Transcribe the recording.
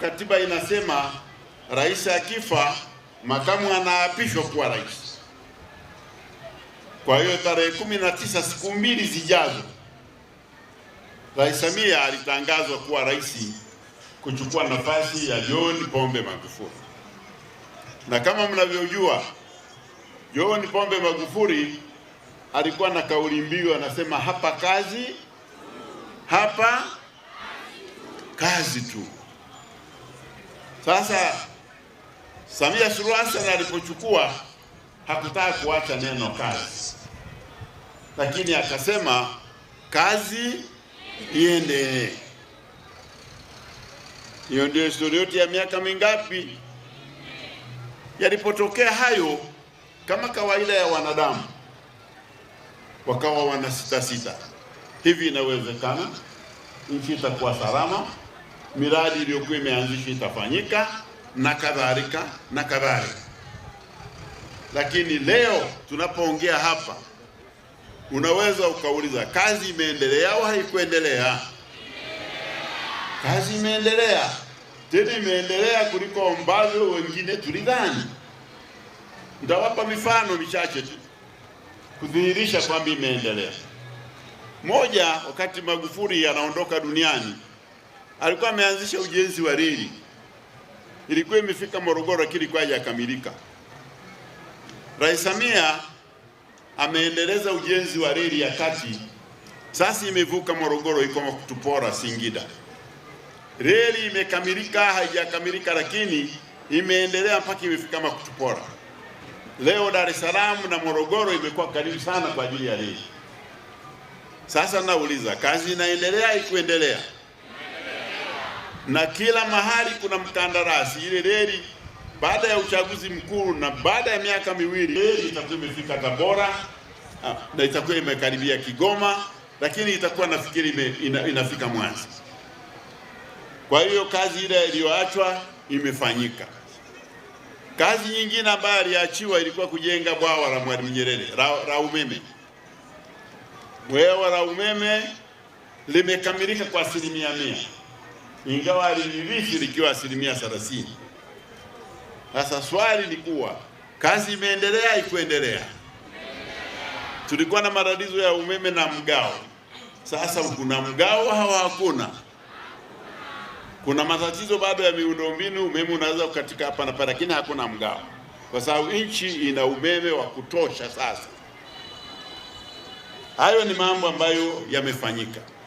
Katiba inasema rais akifa makamu anaapishwa kuwa rais. Kwa hiyo tarehe kumi na tisa, siku mbili zijazo, Rais Samia alitangazwa kuwa rais kuchukua nafasi ya John Pombe Magufuli, na kama mnavyojua, John Pombe Magufuli alikuwa na kauli mbiu anasema, hapa kazi, hapa kazi tu. Sasa Samia Suluhu Hassan alipochukua hakutaka kuacha neno kazi, lakini akasema kazi iendelee. Hiyo ndio historia yote ya miaka mingapi. Yalipotokea hayo, kama kawaida ya wanadamu, wakawa wanasitasita, hivi inawezekana nchi itakuwa salama? miradi iliyokuwa imeanzishwa itafanyika na kadhalika na kadhalika. Lakini leo tunapoongea hapa, unaweza ukauliza kazi imeendelea au haikuendelea? Kazi imeendelea, tena imeendelea kuliko ambavyo wengine tulidhani. Nitawapa mifano michache tu kudhihirisha kwamba imeendelea. Moja, wakati Magufuli anaondoka duniani alikuwa ameanzisha ujenzi wa reli, ilikuwa imefika Morogoro lakini ilikuwa haijakamilika. Rais Samia ameendeleza ujenzi wa reli ya kati, sasa imevuka Morogoro, iko Tupora Singida. Reli imekamilika, haijakamilika, lakini imeendelea mpaka imefika Makutupora. Leo Dar es Salaam na Morogoro imekuwa karibu sana kwa ajili ya reli. Sasa nauliza, kazi inaendelea ikuendelea na kila mahali kuna mkandarasi. Ile reli baada ya uchaguzi mkuu na baada ya miaka miwili reli itakuwa imefika Tabora ah, na itakuwa imekaribia Kigoma, lakini itakuwa nafikiri ina, inafika Mwanza. Kwa hiyo kazi ile iliyoachwa imefanyika. Kazi nyingine ambayo aliachiwa ilikuwa kujenga bwawa la Mwalimu Nyerere la umeme. Bwawa la umeme limekamilika kwa asilimia mia ingawa alilirithi likiwa asilimia thelathini. Sasa swali ni kuwa kazi imeendelea ikuendelea? Tulikuwa na matatizo ya umeme na mgao. Sasa kuna mgao hawa hakuna, kuna matatizo bado ya miundombinu, umeme unaweza katika hapa na pale, lakini hakuna mgao, kwa sababu nchi ina umeme wa kutosha. Sasa hayo ni mambo ambayo yamefanyika.